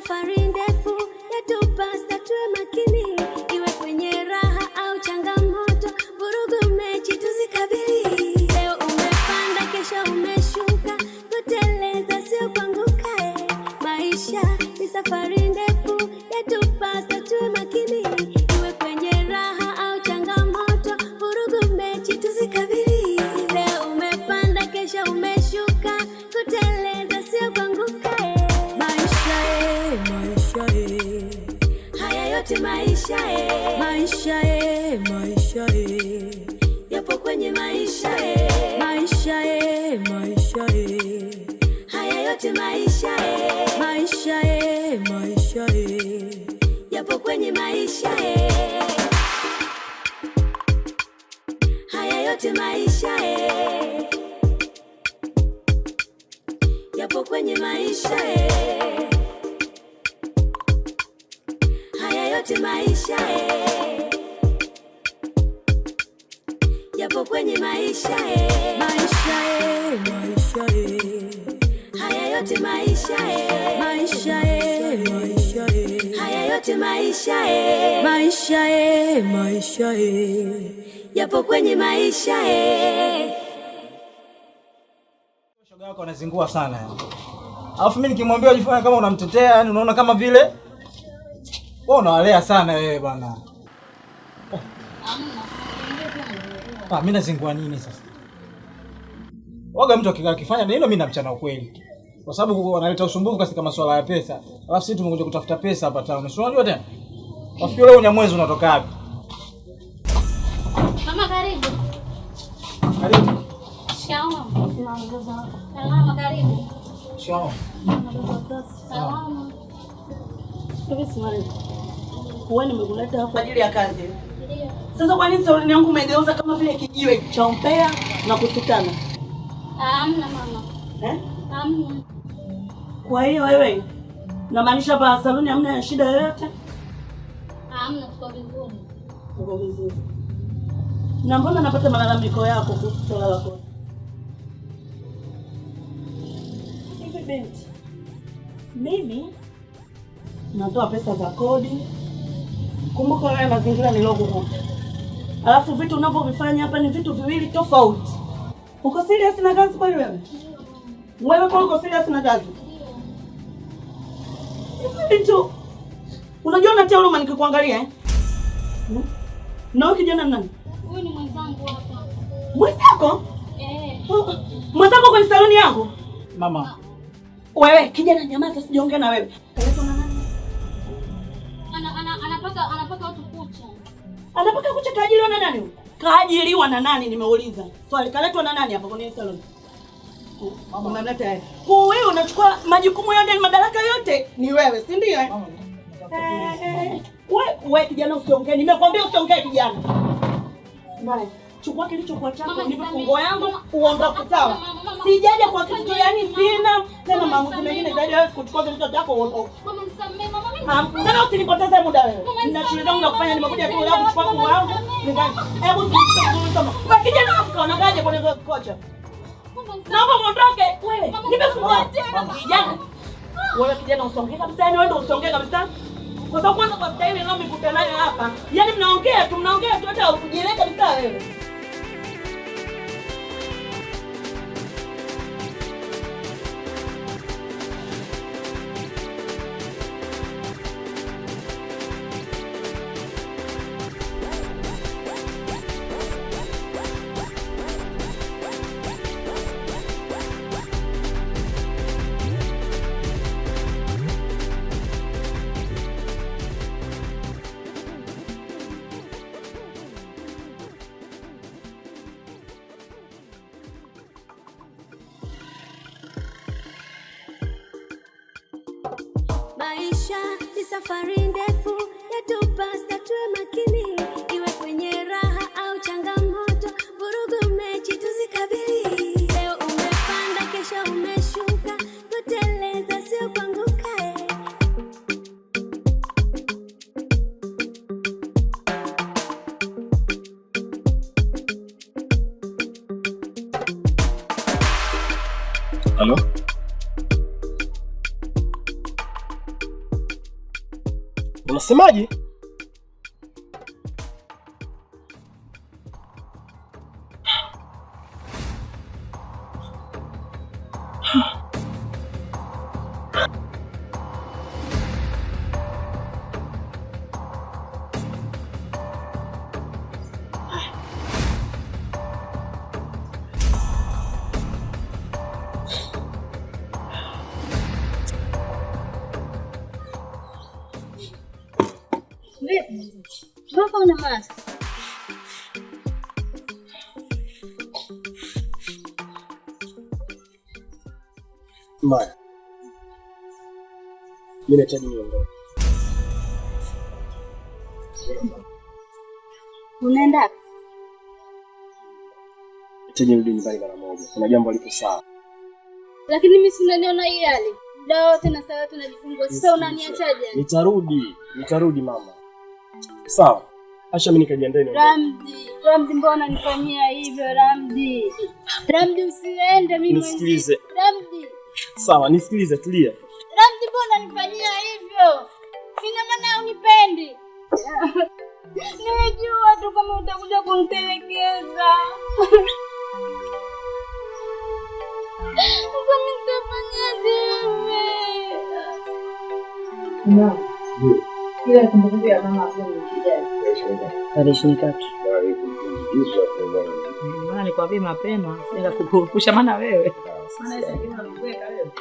safari ndefu yatupasa tuwe makini. maisha eh, yapo kwenye maisha eh, haya yote maisha eh, yapo kwenye maisha eh, haya yote maisha eh, yapo kwenye maisha eh, maisha eh, maisha eh, haya yote maisha eh. yote maisha e, maisha e, maisha e, yapo kwenye maisha e. Shoga yako anazingua sana yani, alafu mimi nikimwambia ajifanye kama unamtetea yani, unaona kama vile wewe unawalea sana wewe bwana. Ah, mimi nazingua nini sasa? Waga mtu akifanya na hilo mimi namchana ukweli kwa sababu wanaleta usumbufu katika masuala ya pesa, alafu sisi tumekuja kutafuta pesa hapa town. Si unajua tena wafikiri leo Nyamwezi unatoka wapi? Mama karibu. Karibu. Salama karibu. Shikamoo. Salama. Wewe nimekuleta hapa kwa ajili ya kazi. Sasa kwa nini sauli yangu umegeuza kama vile kijiwe cha umpea na kusutana? Hamna mama. Eh? Hamna. Kwa hiyo wewe namaanisha hapa saluni hamna shida yoyote? Hamna, kwa vizuri. Kwa vizuri. Na mbona napata malalamiko yako kuhusu swala lako? Hivi binti, mimi natoa pesa za kodi. Kumbuka haya mazingira nilokukuta, alafu vitu unavyovifanya hapa ni vitu viwili tofauti. Uko serious na kazi kweli wewe? Wewe kwa uko serious na kazi? Mtu unajua natia huruma nikikuangalia eh? Hmm? Na wewe kijana nani? Huyu ni mwenzangu hapa. Mwenzako? Eh. Oh, mwenzako kwenye saloni yangu? Mama. Wewe kijana nyamaza sijaongea na wewe. Ana ana anapaka anapaka watu kucha. Anapaka kucha kaajiliwa na nani? Kaajiliwa na nani nimeuliza. Swali kaletwa na nani hapa kwenye saloni? Kuu wewe unachukua majukumu yote, madaraka yote ni wewe, si ndio? Eh? Eh, eh, wewe kijana usiongee, nimekwambia usiongee kijana. Chukua kilichokuwa chako, ni fungo yangu uondoke, sawa? Sijaja kwa kitu yani, sina tena maamuzi mengine zaidi ya kuchukua kilicho chako uondoke. Mbona usinipoteze muda wewe? Nina shughuli zangu na kufanya, nimekuja tu leo kuchukua kuu wangu. Hebu kijana unaonaje kwa kocha? Naomba muondoke. Wewe, nimefungua tena. Kijana. Wewe kijana usongee kabisa, yani wewe ndio usongee kabisa. Kwa sababu kwanza kwa staili nao mkutanayo hapa. Yaani mnaongea tu, mnaongea tu hata hujieleka kabisa wewe. Halo? Unasemaje? Maya, mimi nahitaji niondoke. Unaenda? Nahitaji nirudi nyumbani mara moja, kuna jambo lipo sawa. Lakini mimi si unaniona hii hali muda wote na saa tunajifungua, sasa unaniachaje? Nitarudi, nitarudi mama. Sawa, acha mimi nikajiandae. Ramdi, Ramdi, mbona nifanyia hivyo Ramdi? Ramdi, usiende mimi. Nisikilize Ramdi. Sawa, nisikilize, tulia. Ramzi, mbona unanifanyia hivyo? Sina maana unipendi. Nilijua tu kama utakuja kunitelekeza. kumbukumbu ya mama na Nikwambie mapema, enda kukuepusha maana wewe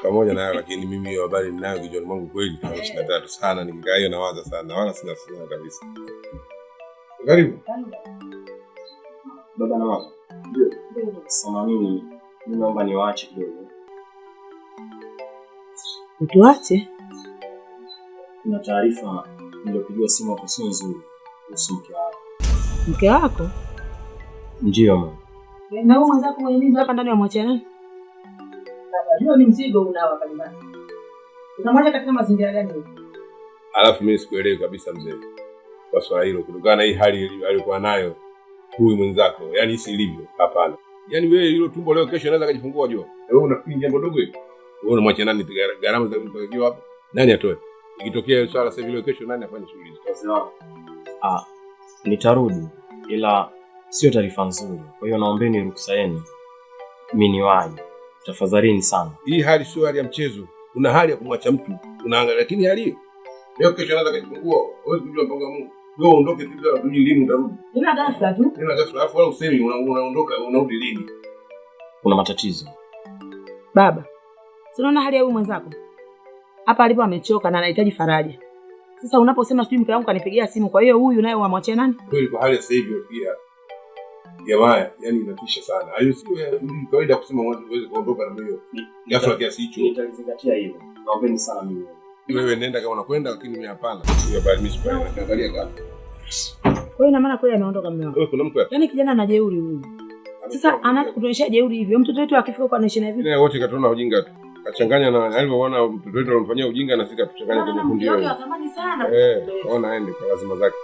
pamoja nayo, lakini mimi hiyo habari ninayo kijoni mwangu kweli tarehe ishirini na tatu sana. Nikikaa hiyo nawaza sana, wala sina furaha kabisa. Karibu baba na mama. Samahani, mimi naomba niwaache kidogo. Utuache? Kuna taarifa niliyopigiwa simu hapo sio nzuri kuhusu mke wako. Mke wako? Ndio mama. Na wewe mwenzako mwenyewe hapa ndani ya mwachana? hiyo ni mzigo unao kalimani. Utamwacha katika mazingira gani? Alafu mimi sikuelewi kabisa mzee kwa swala hilo, kutokana na hii hali aliyokuwa nayo huyu mwenzako, yani isi ilivyo. Hapana, yani wewe hilo tumbo leo, kesho anaweza kujifungua. Jua wewe unafikiri jambo dogo hili? Wewe unamwacha nani gharama za mtoto hapa? Nani atoe ikitokea swala sasa hivi? Kesho nani afanye shughuli hizo? Wazee wao. Ah, nitarudi ila sio taarifa nzuri, kwa hiyo naombeni ruhusa yenu mimi niwaje tafadhalini sana. Hii hali sio hali ya mchezo, una hali ya kumwacha mtu unaangalia, lakini hali hiyo leo kesho anaweza kujifungua, huwezi kujua mpango wa Mungu. Wewe uondoke tu bila kujui lini utarudi. Ina ghafla tu. ina ghafla alafu wala usemi unaondoka unarudi lini. Kuna matatizo. Baba. Unaona hali ya huyu mwenzako? Hapa alipo amechoka na anahitaji faraja. Sasa unaposema sijui mke wangu kanipigia simu, kwa hiyo huyu naye wamwachia nani? Kweli kwa hali sasa hivi pia haya yani inatisha sana. Kawaida kusema kuondoka na kiasi hicho. Nitazingatia Naombeni sana mimi. Wewe nenda kama unakwenda, lakini mimi hapana. Kwa hiyo ina maana kweli Kuna yaani kijana ana jeuri huyu. Sasa anaanza kutuonyesha jeuri hivyo. Mtoto wetu akifika kwa anaishi na wote katona ujinga tu. Kachanganya na alivyoona mtoto wetu anamfanyia ujinga na sisi katuchanganya kwenye kundi hilo. Eh, ona aende kwa lazima zake.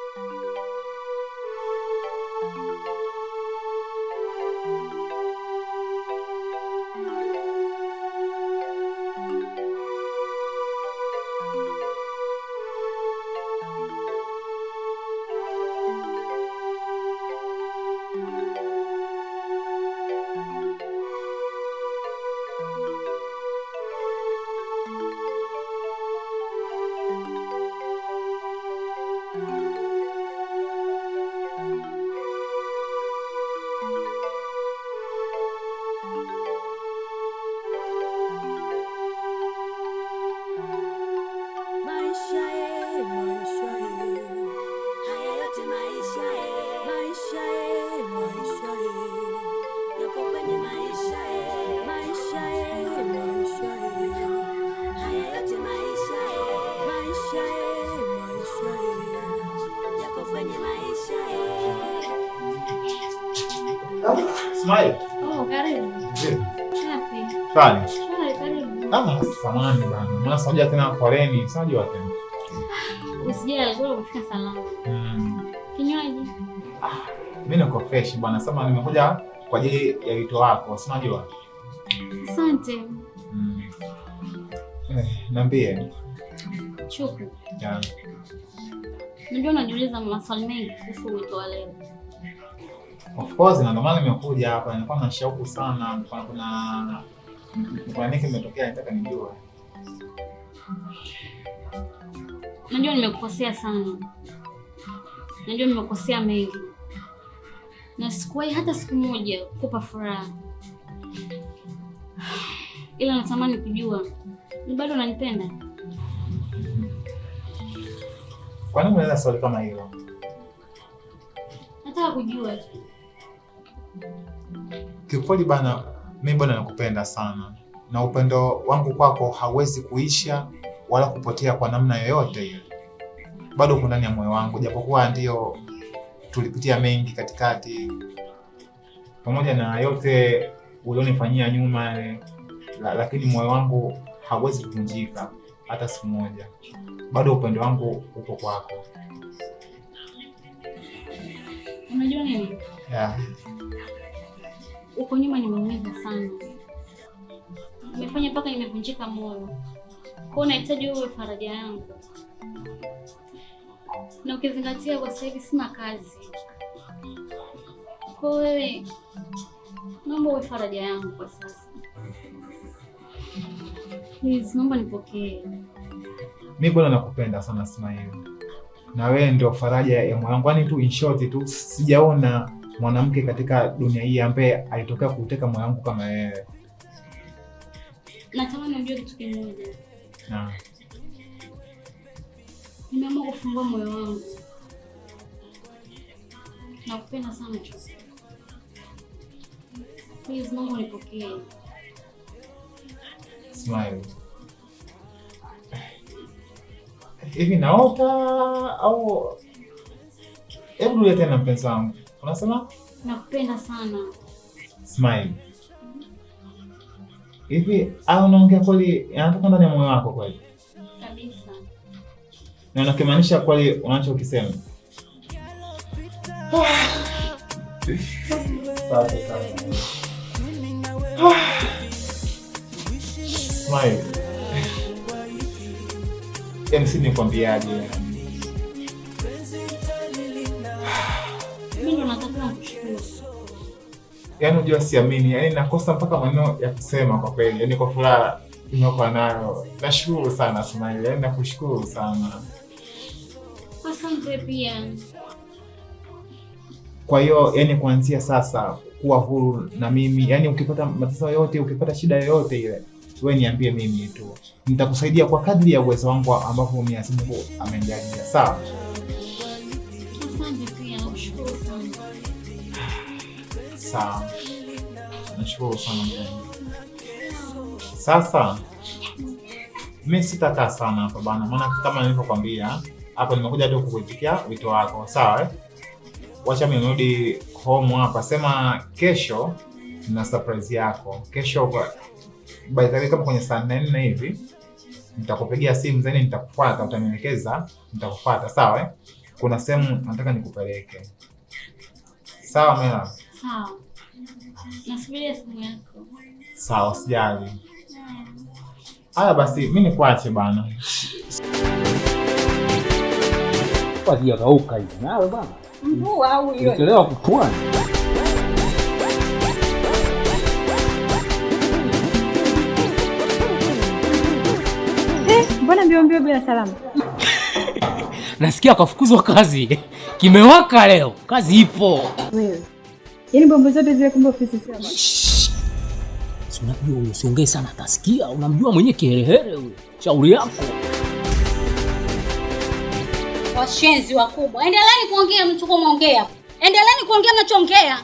Ismail. Oh, karibu. Safi. Karibu. samahani bana. Mbona sija tena poleni? Sijajua tena. Ah, mimi hmm. ah, niko fresh bwana. Sasa nimekuja kwa ajili ya wito wako. Unajua? Asante. Hmm. Eh, niambie. Chuku. Yeah. unajiuliza maswali mengi kuhusu wito wa leo. Of course na ndio maana nimekuja hapa, nilikuwa na shauku sana, kwa kuna kwa nini kimetokea, nataka nijue. Najua nimekukosea sana, najua nimekukosea mengi, na sikuwahi hata siku moja kukupa furaha, ila natamani kujua ni bado unanipenda. Kwa nini unaweza swali kama hilo? Nataka kujua tu kiukweli bana, mimi bwana nakupenda sana na upendo wangu kwako hauwezi kuisha wala kupotea kwa namna yoyote ile. Bado uko ndani ya moyo wangu, japokuwa ndio tulipitia mengi katikati, pamoja na yote ulionifanyia nyuma, lakini moyo wangu hauwezi kuvunjika hata siku moja. Bado upendo wangu uko kwako. Unajua nini? Yeah. Huko nyuma nimeumizwa sana, nimefanya mpaka nimevunjika moyo, kwa nahitaji uwe faraja yangu, na ukizingatia kwa sasa hivi sina kazi. Kwa wewe, naomba uwe faraja yangu kwa sasa. Please, naomba nipokee. Mimi bwana, nakupenda sana Ismail, na wewe ndio faraja ya moyo wangu, yaani tu in short tu sijaona mwanamke katika dunia hii ambaye alitokea kuteka moyo wangu kama wewe. Natamani unijue kitu kimoja. Naam. Nimeamua kufungua moyo wangu. Nakupenda sana chosi. Please Mungu nipokee. Smile. Hivi naota au hebu rudia tena mpenzi wangu. Unasema nakupenda sana. Smile. Hivi au unaongea kweli, yanatoka ndani ya moyo wako kweli kabisa, na unakimaanisha kweli unachokisema. Smile. MC, nikwambiaje? yani unajua siamini, yani nakosa mpaka maneno ya kusema kwa kweli, yani kwa furaha inayokuwa nayo. Nashukuru sana sumaili yani nakushukuru sana. Asante pia. Kwa hiyo yani kuanzia sasa kuwa huru na mimi, yani ukipata matatizo yote, ukipata shida yoyote ile wewe niambie mimi tu, nitakusaidia kwa kadri ya uwezo wangu ambapo Mwenyezi Mungu amenijalia. Sawa. Sawa, nashukuru sana Mungu. Sasa mi sitakaa sana hapa bana, maana kama nilivyokwambia hapo nimekuja tu kukuitikia wito wako, sawa eh? Wacha mi nirudi home hapa, sema kesho na surprise yako kesho by the way, kama kwenye saa nne nne hivi nitakupigia simu zani, nitakufuata, utanielekeza, nitakufuata sawa eh? Kuna sehemu nataka nikupeleke, sawa mela Sawa, sijali. Haya basi, mi nikuache bana. Kazijakauka hivi nawe bana, mvua au chelewa kutwani eh, Mbona mbio mbio bila salamu? Nasikia kafukuzwa kazi, kimewaka leo, kazi ipo. Wewe Yaani bombo zote zile kumbe ofisi sema. Si unajua usiongee sana atasikia, unamjua mwenye kiherehere huyo. Shauri yako. Washenzi wakubwa. Endeleeni kuongea mtu kwa muongea. Endeleeni kuongea mnachoongea.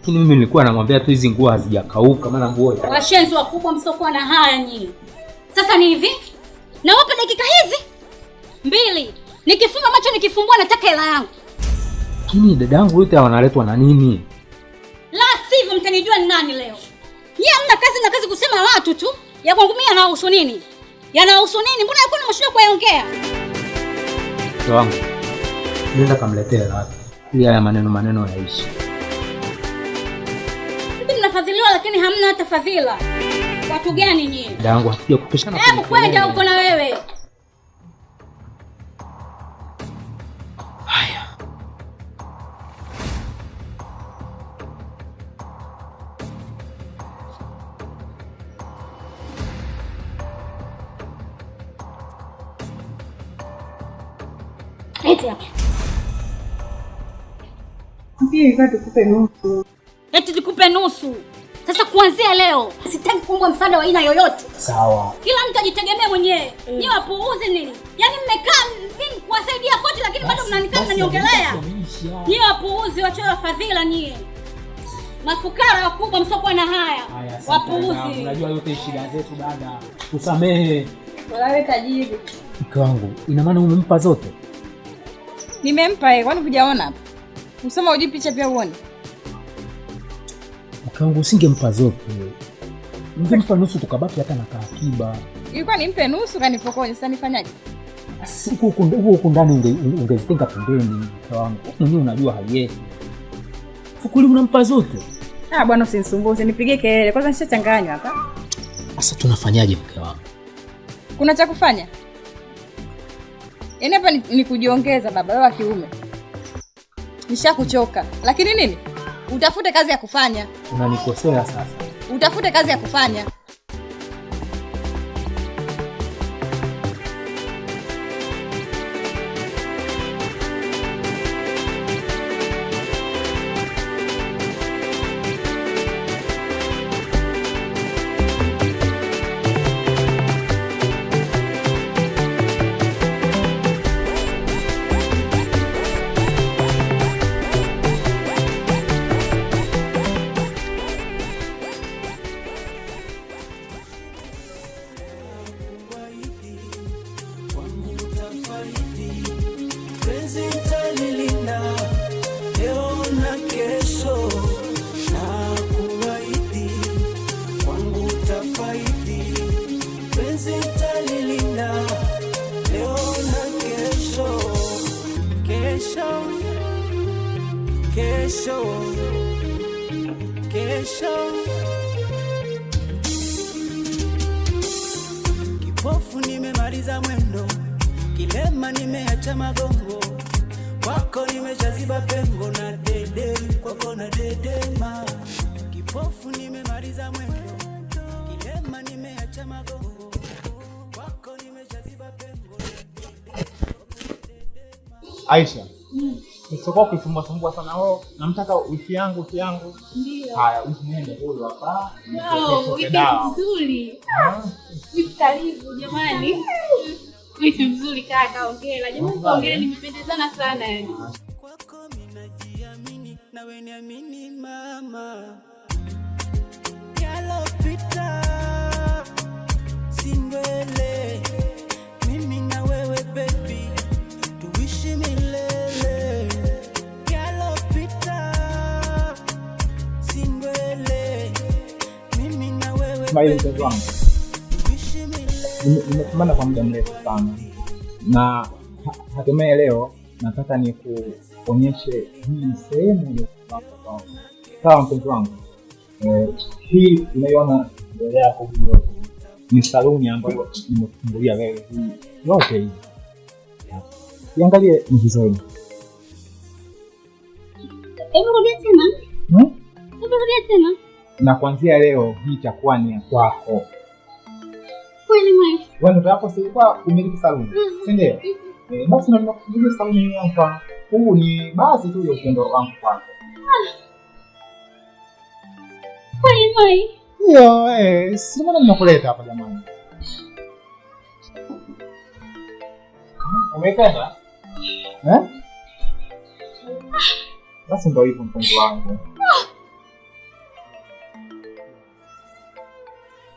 Lakini mimi nilikuwa namwambia tu hizi nguo hazijakauka maana nguo. ya. Washenzi wakubwa msokuwa na haya nyinyi. Sasa ni hivi. Nawapa dakika hizi mbili. Nikifunga macho nikifumbua nataka hela yangu. Lakini dadangu yote wanaletwa na nini? la sivyo mtanijua ni nani leo. Yeye hamna kazi na kazi kusema watu tu. Ya kwangu mimi yanahusu nini? Yanahusu nini? Mbona hakuna mshindo kuyaongea? Wangu. Nenda kamletea la. Hii haya maneno maneno yaishi. Sisi tunafadhiliwa lakini hamna hata fadhila. Watu gani nyinyi? Dangu, hakija kupishana. Hebu kwenda huko na wewe. ilikuwa tukupe nusu. Eti tukupe nusu? Sasa kuanzia leo sitaki kuombwa msaada wa aina yoyote. Sawa. Kila mtu ajitegemee mwenyewe. Mm. Ni wapuuzi nini? Yaani mmekaa mimi kuwasaidia kote lakini bado mnanikaa mnaniongelea. Ni wapuuzi wachoyo wa fadhila nyie. Mafukara wakubwa msiokuwa na haya. Wapuuzi. Unajua yote shida zetu dada. Kusamehe. Walawe tajiri. Mke wangu, ina maana umempa zote? Nimempa yeye, kwani hujaona hapo? Msoma uji picha pia uone. Mkangu usingempa zote. Ungempa nusu tukabaki hata na kaakiba. Ilikuwa nimpe nusu kanipokonya, sasa nifanyaje? Siku huko ndani ungezitenga pembeni mke wangu. unajua hali yetu. Fukuli unampa zote. Ah, bwana usinisumbue, nipige kelele. Kwanza nishachanganywa hapa. Sasa tunafanyaje mke wangu? Kuna cha kufanya? Yaani hapa ni, ni kujiongeza baba wewe wa kiume nishakuchoka. Lakini nini, utafute kazi ya kufanya. Unanikosea sasa, utafute kazi ya kufanya. sitalilinda leo na kesho, kesho, kesho, kesho. Kipofu nimemaliza mwendo, kilema nimeacha magongo, kwako nimejaziba pengo na dede kwako na dedema. Kipofu nimemaliza mwendo, kilema nimeacha magongo Aisha, mm. sitakuwa kusumbua sumbua sana. ho oh, namtaka wiki yangu wiki yangu. Ndio. Haya, usiende huyo hapa. No, wiki nzuri. Karibu jamani. Wiki nzuri kaka, ongea. Jamani, ongea nimependezana sana yani. Kwako mimi najiamini na wewe niamini mama. Yalopita Ismail, mpenzi wangu, nimepambana kwa muda mrefu sana na hatimaye leo nataka ni kuonyeshe hii sehemu sawa, mpenzi wangu. Eh, hii unaiona mbele yako ni saluni ambayo nimekufungulia wewe, hii yote hii iangalie mvizoni tena hmm? na kuanzia leo hii itakuwa ni ya kwako. hapo sasa kwa umiliki saluni, si ndio? Eh, Basi na nakufungulia saluni hapa. Huu ni basi tu ya upendo wangu kwako. Ah. Kweli Yo, eh, si mbona nimekuleta hapa jamani. Umependa? Eh? Ah. Basi ndio hivyo mpenzi wangu.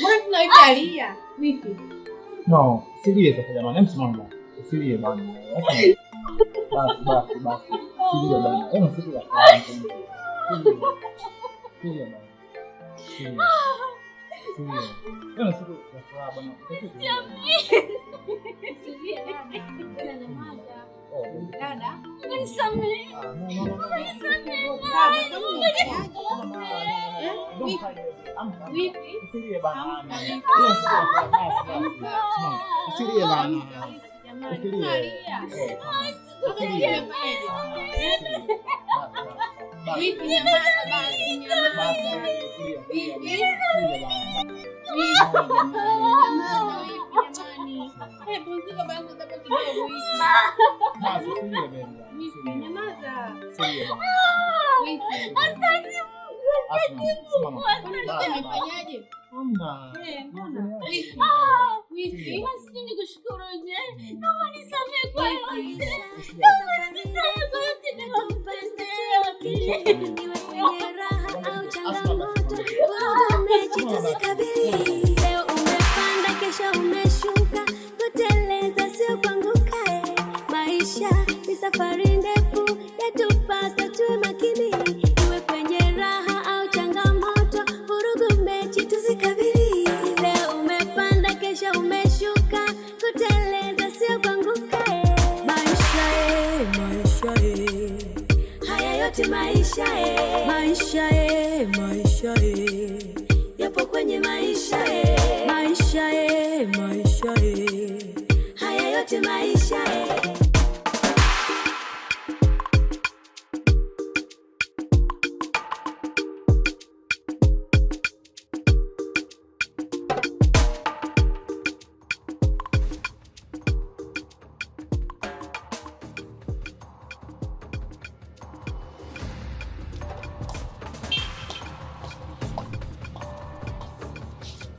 Unaangalia vipi? No, usilie sasa jamani, msimamo. Usilie bana. Basi está basi. Usilie bana. Hebu usilie. Usilie bana. Usilie. Usilie. Usilie. Dada? Ang sakit! Ang sakit! Ay, Siriya ba? Siriya ba? Siriya. Siriya. Siriya. Siriya. jamani. Nikushukuru raha au changamoto, wamejitazikabili maisha umeshuka, kuteleza sio kuanguka. Eh. Maisha ni safari ndefu, yatupasa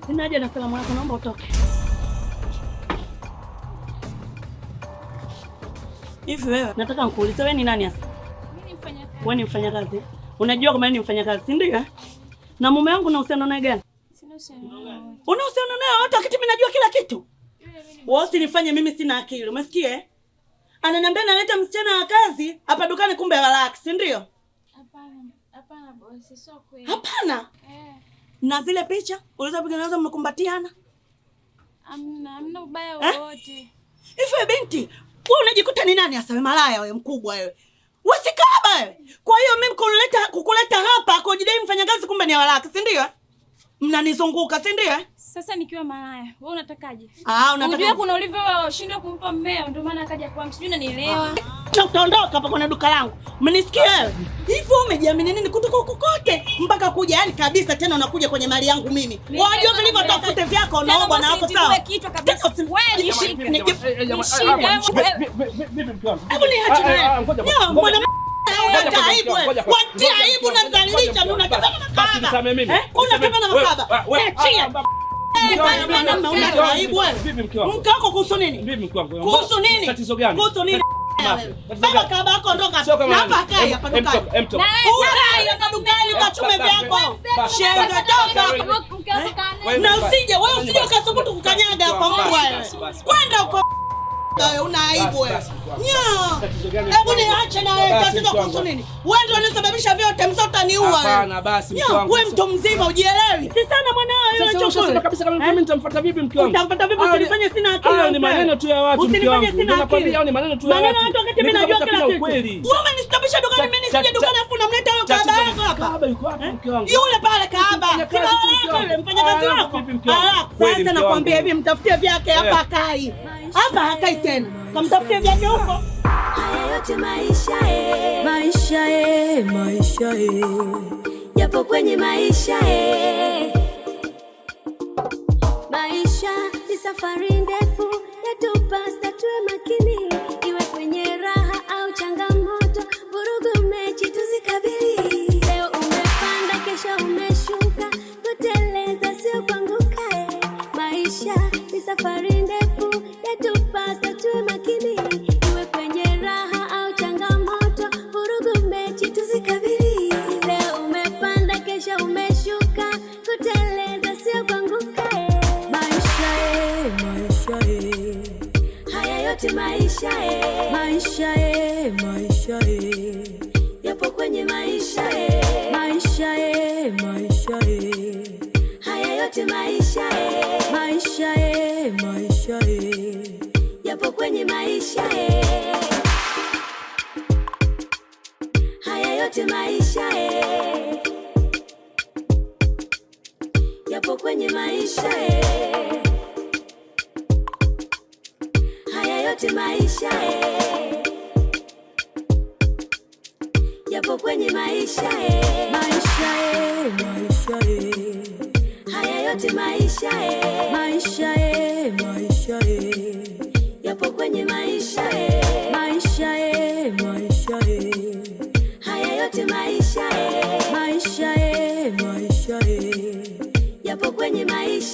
Sina haja na salamu yako, naomba utoke. Hivi wewe, nataka nikuulize wewe ni nani hasa? Wewe ni mfanyakazi. Unajua kama ni mfanyakazi, si ndio? Na mume wangu na uhusiano naye gani? Sina uhusiano. Una uhusiano naye hata kitu mimi najua kila kitu. Wewe usinifanye mimi sina akili. Umesikia Ananiambia naleta msichana wa kazi hapa dukani kumbe relax, si ndio? Hapana. Hapana bosi, sio kweli. Hapana. Eh na zile picha ulizopiga nazo mmekumbatiana? Amna, amna ubaya eh? wowote. Hivi binti, wewe unajikuta ni nani asawe Malaya wewe mkubwa wewe. Wewe wewe. Kwa hiyo mimi kukuleta kukuleta hapa kujidai mfanyakazi kumbe ni walaka, si ndio? mnanizunguka si ndio? Sasa nikiwa malaya, wewe unatakaje? Ah, unataka unajua kuna ulivyoshinda kumpa mmeo, ndio maana akaja kwa msijui unanielewa. Na utaondoka hapa kwenye duka langu, mnisikie wewe? Hivyo umejiamini nini kutoka huko kote mpaka kuja yani kabisa tena unakuja kwenye mali yangu mimi. Wajua vilivyo tafute vyako unaomba na wako sawa. Wewe ni Ni nishike. Mimi mpiano. wangu. Hebu niache naye. Ngoja. Watia aibu eh, eh, eh, aibu na dhalilisha mimi unataka Mke wako kuhusu nini? Kuhusu nini? Tatizo gani? Kuhusu nini? Baba kaba yako ondoka. Hapa kai hapa dukani. Ukai hapa dukani ukachume vyako. Shenga toka. Na usije wewe usije ukasubutu kukanyaga kwa Mungu wewe. Kwenda uko. Una aibu wewe. Hebu niache na tatizo kuhusu nini? Wewe ndio unasababisha vyote, mzee utaniua. Hapana basi mke wangu. Wewe mtu mzima ujielewi. Si sana mwanao yule chochote. Sasa kabisa kama eh? mimi nitamfuata vipi mke wangu? Nitamfuata vipi usinifanye sina akili. Hayo ni maneno tu ya watu mke wangu. Ninakwambia hayo ni maneno tu ya watu. Maneno watu wakati mimi najua kila kitu. Wewe umenistabisha dukani mimi nisije dukani afu unamleta huyo kaaba yako hapa. Kaaba yuko wapi mke wangu? Yule pale kaaba. Mfanya kazi wako. Sasa nakwambia hivi mtafutie vyake hapa eh. kai. Hapa hakai tena kamtafute Janyoko. Haya yote maisha eh, maisha eh, maisha eh, yapo kwenye maisha eh. Maisha ni safari ndefu, yatupasa tuwe makini, iwe kwenye raha au changamoto, vurugu yapo kwenye maisha eh. Haya yote maisha eh. Yapo kwenye maisha eh. Maisha eh. Maisha eh. Haya yote maisha eh. Maisha eh.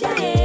deixa eu.